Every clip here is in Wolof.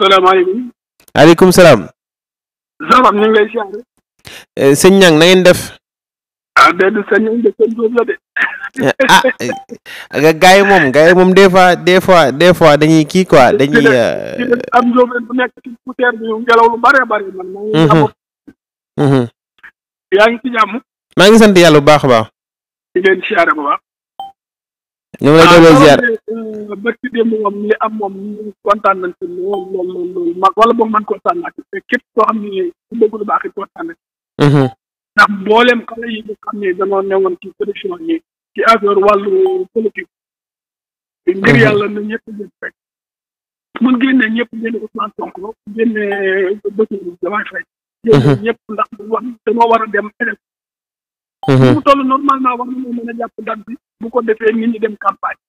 salaamaaleykum. maaleykum salaam. Zaram ñu ngi lay siyaare. Eh, def. ah déedéet eh, ah, eh, yi moom gars yi moom des fois des fois des fois dañuy kii quoi dañuy. Euh, am bu lu bare bare man. maa ngi mhm. Mhm. yaa maa ngi sant yàlla bu baax a baax. ñu ngi lay delloo ah, ziar euh, barki démb moom li am moom ñu kontaan nañ ci lool lool lool loolu mag wala boog man kontaan naa ci te képp koo xam ne ku bëgg lu baax it kontaan na mhm. ndax mbooleem xale yi nga xam ne danoo newoon ci production yi ci affaire wàllu politique ngir mhm. yàlla na ñëpp ngeen fekk mun génne ñëpp génne Ousmane Sonko génne euh, Bassirou Diomaye Faye mhm. génne ñëpp ndax wax danoo war a dem bu mhm. mu toll normalement war nañoo mën a jàpp date bu ko defee nit ñi dem campagne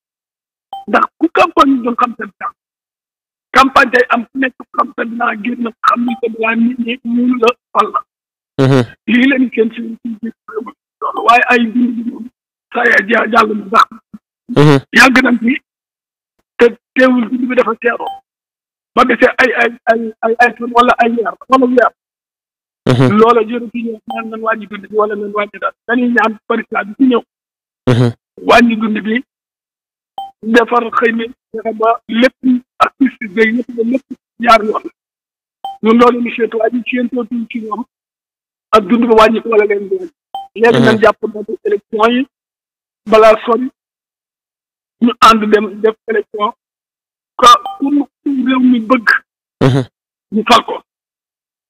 ndax ku campagne ñu doon campagne am ku nekk xam sa dinaa génn xam ni sa dinaa nit ñi mun la fal la mhm. lii leen waaye ay bind bi moom saa na baax mhm. yàgg nañ fi te teewul bind bi dafa seeroo ba desee ay ay ay ay ay fan wala ay weer wala weer Mm-hmm. loola jëru ci ñëw naan nan wàññi dund bi bi mm-hmm. defar xëy mi fexe ba lépp artiste day lépp ba lépp jaar loolu ñu seetu waaye ñu seentootuñ ci ñoom ak dund ba wàññi wala leen doon mm-hmm. léegi nañ jàpp noonu élection yi balaa sori ñu ànd dem def élection ko ku réew mi bëgg ñu fal ko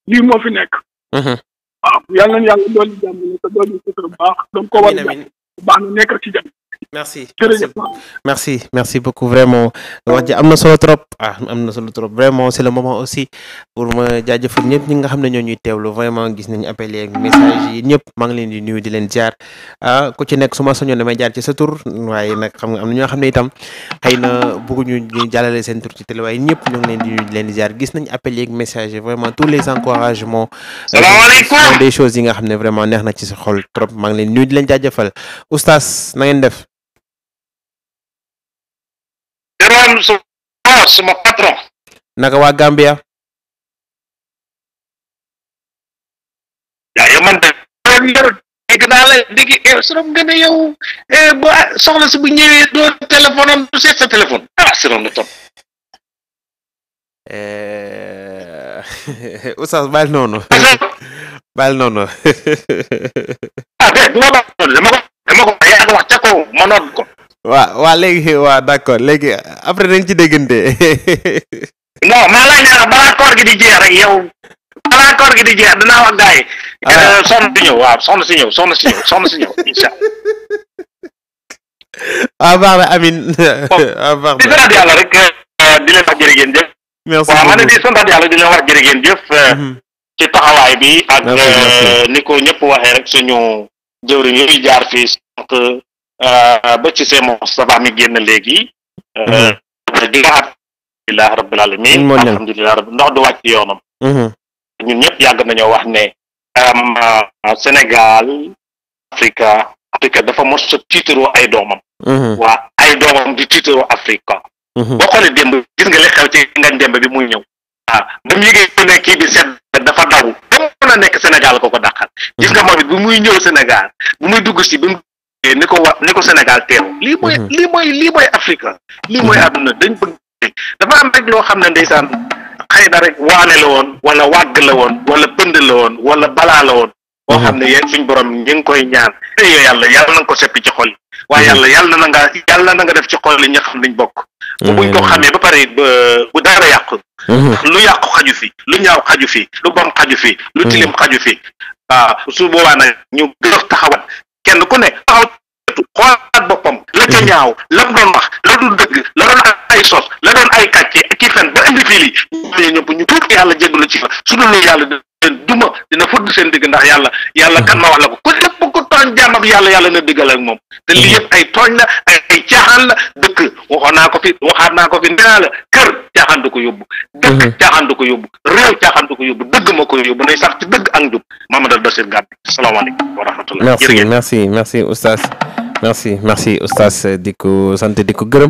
lii moo fi nekk Mhm. waaw yal nañu yàlla doon jàmm te doon ñu sutura bu baax. amiin doon ko war a jàpp bu baax na nekk ci jàmm. merci merci merci beaucoup vraiment wax ji am na solo trop ah am na solo trop vraiment c'est le aussi pour ma ñëpp ñi nga xam ne ñoo ñuy teewlu vraiment gis nañu appel yeeg ñëpp maa ngi leen di nuyu di leen jaar ah ku ci nekk su ma soñoon damay jaar ci sa tur waaye nag xam nga am na ñoo xam ne itam xëy na bëgguñu ñu jàllale seen tur ci télé waaye ñëpp ñoo ngi leen di nuyu di jaar gis nañu appel message yi vraiment tous les encouragements euh, salaamaaleykum des yi nga xam ne vraiment neex na ci sa xol trop maa ngi leen nuyu di leen jaajëfal oustaz na def Ibrahima Sow sama patron. naka waa Gambia. yaa man de loolu dégg naa la dégg eh, eh, ah, soxla si bu ñëwee doo téléphone du seet sa téléphone ah sirom na topp. Oustaz baal noonu. baal noonu. ah mais dama ko ko dama ko ko. waa waa léegi waa d'accord léegi après dañ ci déggante. non maa laaj na balaa koor gi di jeex rek yow balaa koor gi di jeex dinaa wax gars yi. Ah. Euh, soxna si ñëw waaw soxna si ñëw soxna si ñëw soxna si ñëw incha allah. waaw baax na Amine. waaw baax na di sant yàlla rek euh, di leen wax jërëgeen jëf. merci waaw man di sant yàlla di leen wax jërëgeen jëf. Euh, mhm. ci taxawaay bi ak. ni ko ñëpp waxee rek suñu jëwriñ yi jaar fii. Euh, ba ci see Moustapha mi génn léegi mm-hmm. euh, di nga alhamdulilah rabbil alamin alhamdulilah rabbi ndox du wàcc yoonam mm-hmm. ñun ñëpp yàgg nañoo wax ne euh, Sénégal Africa Africa dafa mos a tiitaroo ay doomam mm-hmm. waa ay doomam di tiitaroo Africa boo xoolee démb gis nga li xew ci ngañ démb bi muy ñëw waaw ah, ba mu yëgee ne kii bi seet dafa daw ba mu mën a nekk Sénégal ko ko dàqal gis nga moom bi muy ñëw Sénégal bu muy dugg si bi mu ni ko wa ni ko Sénégal teew lii mooy mhm. lii mooy lii mooy Afrique lii mooy mhm. àdduna dañ bëgg dafa am rek loo xam ne ndeysaan xëy na rek waane la woon wala wàgg la woon wala bënd la woon wala balaa la woon boo mhm. xam ne yéen suñ borom ñu koy ñaan téyo yàlla yàlla na nga ko seppi ci xol yi waaye yàlla yàlla na nga yàlla na nga def ci xol yi ñu xam liñ bokk bu buñ ko xamee ba pare bu dara yàqu lu yàqu xaju fi lu ñaaw xaju fi lu bon xaju fi lu tilim xaju fi waaw su boobaa nag ñu gëx taxawat kenn taxaw saytu xoolaat boppam la ca mm. ñaaw lam doon wax la doon dëgg la doon ay sos la doon ay kàcce ki fen ba indi fii lii ñëpp ñu tuub yàlla jéggalu ci fa su dul yàlla duma dina fëdd seen digg ndax yàlla yàlla mm. kan ma wax la ko ko lépp ku tooñ jaamam yàlla yàlla na diggal ak moom te lii mm. yëpp ay tooñ la ay caaxaan la dëkk waxoon naa ko fi waxaat naa ko fi nee la kër caaxaan du ko yóbbu dëkk mm-hmm. caaxaan du ko yóbbu réew caaxaan du ko yóbbu dëgg ma ko yóbbu nay sax ci dëgg ak njub Mamadou Bassir Gade salaamaaleykum wa rahmatullah merci merci merci oustaz merci merci oustaz di ko sant di ko gërëm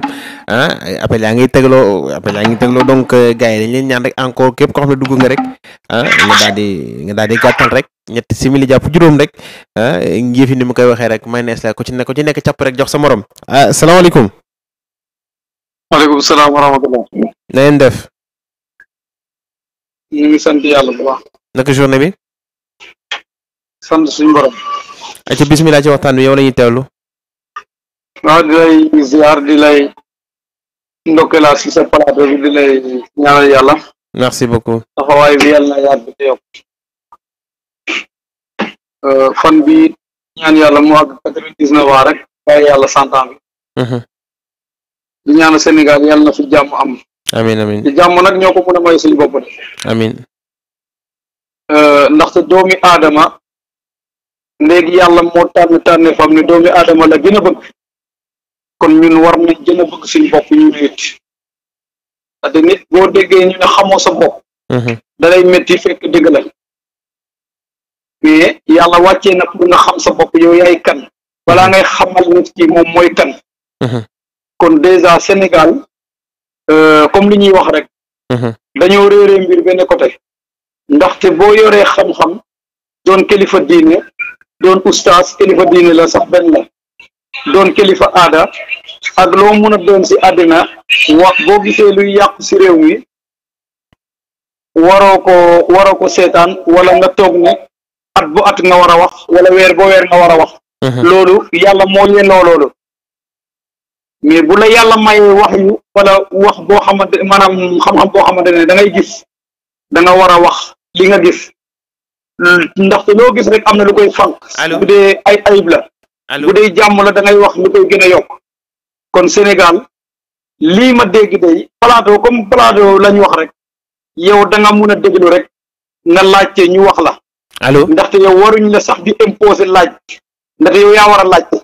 ah appel yaa ngi tegloo appel yaa ngi tegloo donc euh, gars yi dañ ñaan rek encore képp koo xam dugg nga rek ah, daal di nga gàttal rek ñetti simili jàpp juróom rek ah mu koy waxee rek may nees la ku ci nekk ku ci nekk càpp rek jox sa morom. ah salaamaaleykum. maaleykum salaam wa rahmatulah. na ngeen def. ñu ngi sant yàlla bu baax. naka journée bi. sant suñu borom. ayca bisimilah ci waxtaan bi yow la ñuy waaw di lay ziar di lay ndokkelaat si sa plateau bi di lay ñaanal yàlla merci beaucoup taxawaay bi yàlla na yàgg di yokk euh, fan bi yàlla mu waaye yàlla cent ans bi mhm. di ñaan Sénégal yàlla na fi jàmm am amin amin di jàmm nag ñoo ko mën a may suñu de amin euh, ndaxte doomi aadama léegi yàlla moo tànn tànne fam ne doomi aadama la gën bëgg kon ñun war nañ gën a bëgg suñu bopp ñu wéet parce que nit boo déggee ñu ne xamoo sa bopp mhm. dalay lay métti fekk dëgg la mais yàlla wàccee na pour nga xam sa bopp yow yaay kan balaa ngay xamal nit ki moom mooy kan mhm. kon déjà Sénégal euh, comme li ñuy wax rek mhm. dañoo réeree mbir benn côté ndaxte boo yoree xam-xam doon kilifa diine doon ustaas kilifa diine la sax benn doon kilifa aada ak loo mun a doon si àddina wax boo gisee luy yàqu si réew mi waroo ko waroo ko seetaan wala nga toog ne at bu at nga war a wax wala weer bo weer nga war a wax mhm. loolu yàlla moo yelloo loolu mais bu la yàlla mayee wax yu wala wax boo xamante maanaam xam-xam boo xamante ne da ngay gis da nga war a wax li nga gis ndaxte loo gis rek am na lu koy fànq bu dee ay ayib la bu dee jàmm la da ngay wax lu koy gën a yokk kon Sénégal lii ma dégg day plateau comme plateau lañ wax rek yow danga nga mun a déglu rek laaj laajte ñu wax la. allo ndaxte yow waruñ la sax di imposer laaj ndaxte yow yaa war laaj laajte.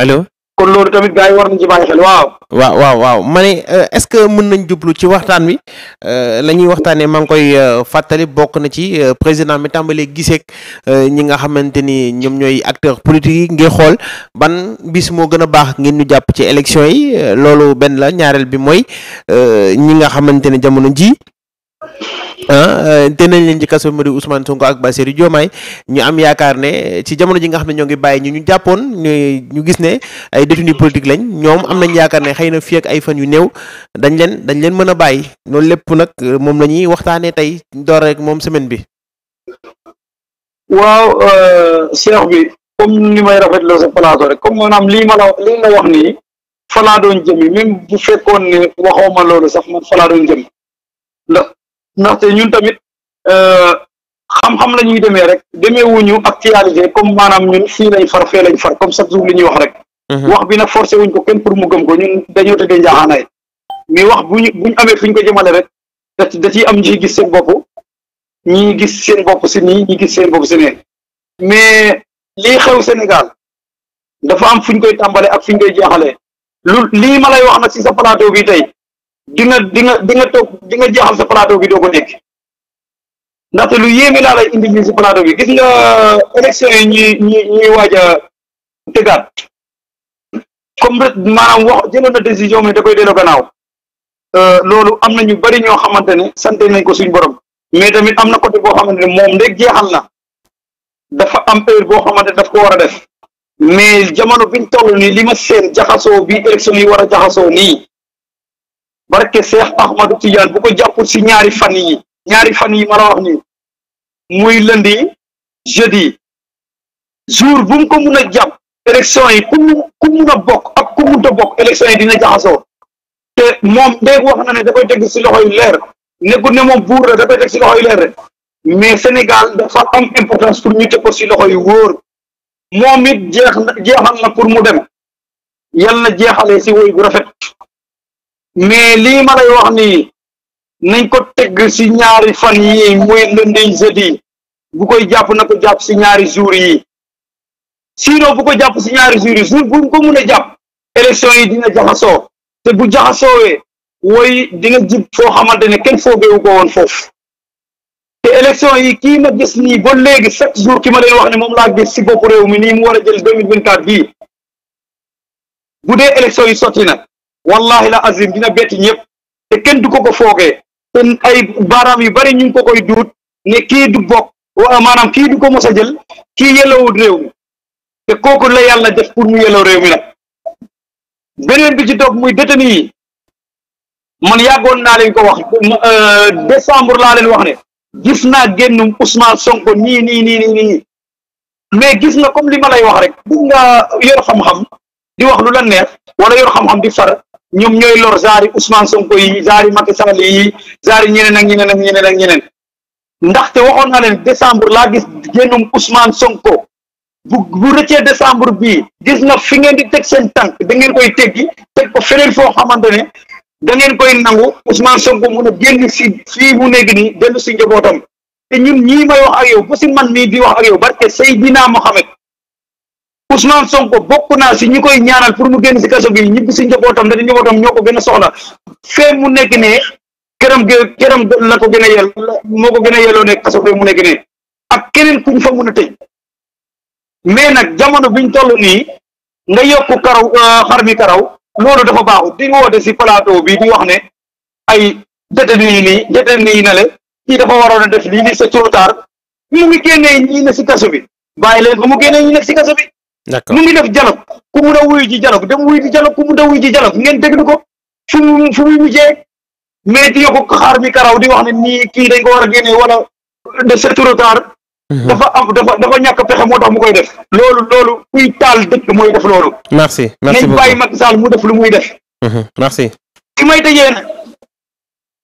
allo kon loolu tamit gars yi war nañ ci bàyyi xel waaw. waaw waaw waaw ma ne euh, est-ce que mën nañ jublu ci waxtaan wi euh, la ñuy waxtaanee maa ngi koy euh, fàttali bokk na ci président mi tàmbalee giseek ñi nga xamante ni ñoom ñooy acteur politiques yi ngay xool ban bis moo gën a baax ngeen ñu jàpp ci élection yi loolu benn la ñaareel bi mooy ñi nga xamante ne jamono ji ah euh, te nañ leen ci kaso mu di Ousmane Sonko ak Bassirou Diomaye ñu am yaakaar ne ci jamono ji nga xam ne ñoo ngi bàyyi ñu ñu jàppoon ñu gis ne ay détenus politique lañ ñoom am nañ yaakaar ne xëy na fii ak ay fan yu néew dañ leen dañ leen mën a bàyyi loolu lépp nag euh, moom la ñuy waxtaanee tey door rek moom semaine bi. waaw euh, Cheikh bi comme ni may rafetloo sa plateau rek comme maanaam lii ma la lii la wax nii fa laa doon jëmi bu fekkoon ne waxoo ma loolu sax man fa ndaxte ñun tamit euh, xam-xam la ñuy demee rek demee wuñu actualisé comme maanaam ñun fii lañ far fee lañ far comme chaque jour li ñuy wax rek mhm. wax bi na forcé wuñ ko kenn pour mu ko ñun dañoo tëddee njaaxaanaay mais wax buñu buñu amee fi ñu ko jëmale rek da ciy am ñi gis seen bopp ñi gis seen bopp si nii ñi gis seen bopp si mais lii xew Sénégal dafa am fu koy tàmbalee ak fu koy jeexalee lu lii ma lay wax nag si sa plateau bi tey di nga di nga di nga toog di nga jeexal sa plateau bi doo ko dégg ndaxte lu yéeme laa lay indi ñu si plateau bi gis nga euh, élection yi ñuy ñuy ñuy waaj a tëggaat comme rek maanaam wax jëloon na décision bi da koy delloo gannaaw euh, loolu am na ñu bari ñoo xamante ne sante nañ ko suñ borom mais tamit am na côté boo xamante ne moom ndeg jeexal na dafa am heure boo xamante ne daf ko war a def mais jamono biñ toll nii li ma seen jaxasoo bi élection yi war a jaxasoo nii. barke Cheikh Ahmadou Tidiane bu ko jàppul si ñaari fan yi ñaari fan yi ma la wax nii muy lundi jeudi jour bum mu ko mun a jàpp élection yi ku mu mun a bokk ak ku munta bokk élection yi dina jaxasoo te moom ndéeg wax na ne da koy teg si loxo yu leer nekkul ne moom buur la da koy teg si loxo yi leer rek mais Sénégal dafa am importance pour ñu teg ko si loxo yu wóor moom it jeex na jeexal na pour mu dem yal na jeexalee si woy bu rafet mais lii ma lay wax nii nañ ko teg si ñaari fan yi muy lundi jeudi bu koy jàpp na ko jàpp si ñaari jour yi sinon bu ko jàpp si ñaari jour yi jour bu ko mun a jàpp élection yi dina jaxasoo te bu jaxasoowee woy dina jib foo xamante ne kenn foogeewu ko woon foofu te élection yi kii ma gis nii ba léegi chaque jour ki ma leen wax ne moom la gis si bopp réew mi nii mu war jël deux mille vingt quatre bii bu dee élection yi sotti na wallahi la azim dina bett ñëpp te kenn du ko ko foogee te ay baaraam yu bari ñu ngi ko koy duut ne kii du bokk maanaam kii du ko mos jël kii yelloowul réew mi te kooku la yàlla def pour mu yelloo réew mi nag beneen bi ci topp muy détenu man yàggoon naa le ko wax euh, décembre laa leen wax ne gis naa génnum Ousmane Sonko nii nii nii mais gis nga comme li ma lay wax rek bu nga yor xam-xam di wax lu la neex wala yor xam-xam di far ñoom ñooy lor zaari Ousmane Sonko yi zaari Macky Sall yi zaari ñeneen ak ñeneen ak ñeneen ak ñeneen ndaxte waxoon naa leen décembre laa gis génnum Ousmane Sonko bu bu rëccee décembre bii gis na fi ngeen di teg seen tànk da ngeen koy teggi teg ko feneen foo xamante ne da ngeen koy nangu Ousmane Sonko mun a génn si fii mu nekk nii denn si njabootam te ñun ñii may wax ak yow ba si man mii di wax ak yow barke Seydina Mohamed Ousmane Sonko bokk naa si ñi koy ñaanal pour mu génn si kaso gi ñibbi si njabootam da di njabootam ñoo ko gën a soxla fee mu nekk ne këram këram la ko gën a yel moo ko gën a yelloo ne kaso fee mu nekk ne ak keneen kuñ fa mun a tëj mais nag jamono biñ toll nii nga yokku karaw euh, xar mi karaw loolu dafa baaxut di woote si plateau bi di wax ne ay détenu yi nii détenu yi na le kii dafa waroon a def lii nii c'est trop tard mu génnee ñii ne si kaso bi bàyyi leen ba mu génnee ñi nekk si kaso bi d'accord mu ngi def dialogue ku mun a wuyu ji dialogue dem wuyu ji dialogue ku mun a ji dialogue ngeen déglu ko fu mu fu muy mujjee mais di yokk xaar mi karaw di wax ne nii kii dañ ko war a génne wala de c'est trop tard dafa am dafa dafa ñàkk pexe moo tax mu koy def loolu loolu kuy taal dëkk mooy def loolu merci merci beaucoup nañ bàyyi Macky Sall mu def lu muy def mhm, merci ki may tëjee nag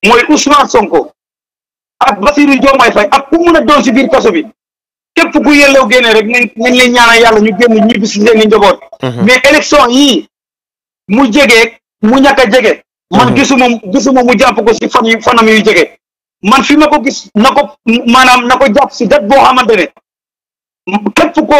mooy Ousmane Sonko ak Bassirou Diomaye Faye ak ku mun a doon si biir kaso bi képp ku yellew génne rek nañ nañ leen ñaanal yàlla ñu génn ñibbi si seen i njaboot. Mhm. mais élection yii mu jege mu ñàkk a jege. man mhm. gisuma gisuma mu jàpp ko si fan yu fanam yu jege man fi ma ko gis na ko maanaam na ko jàpp si date boo xamante ne képp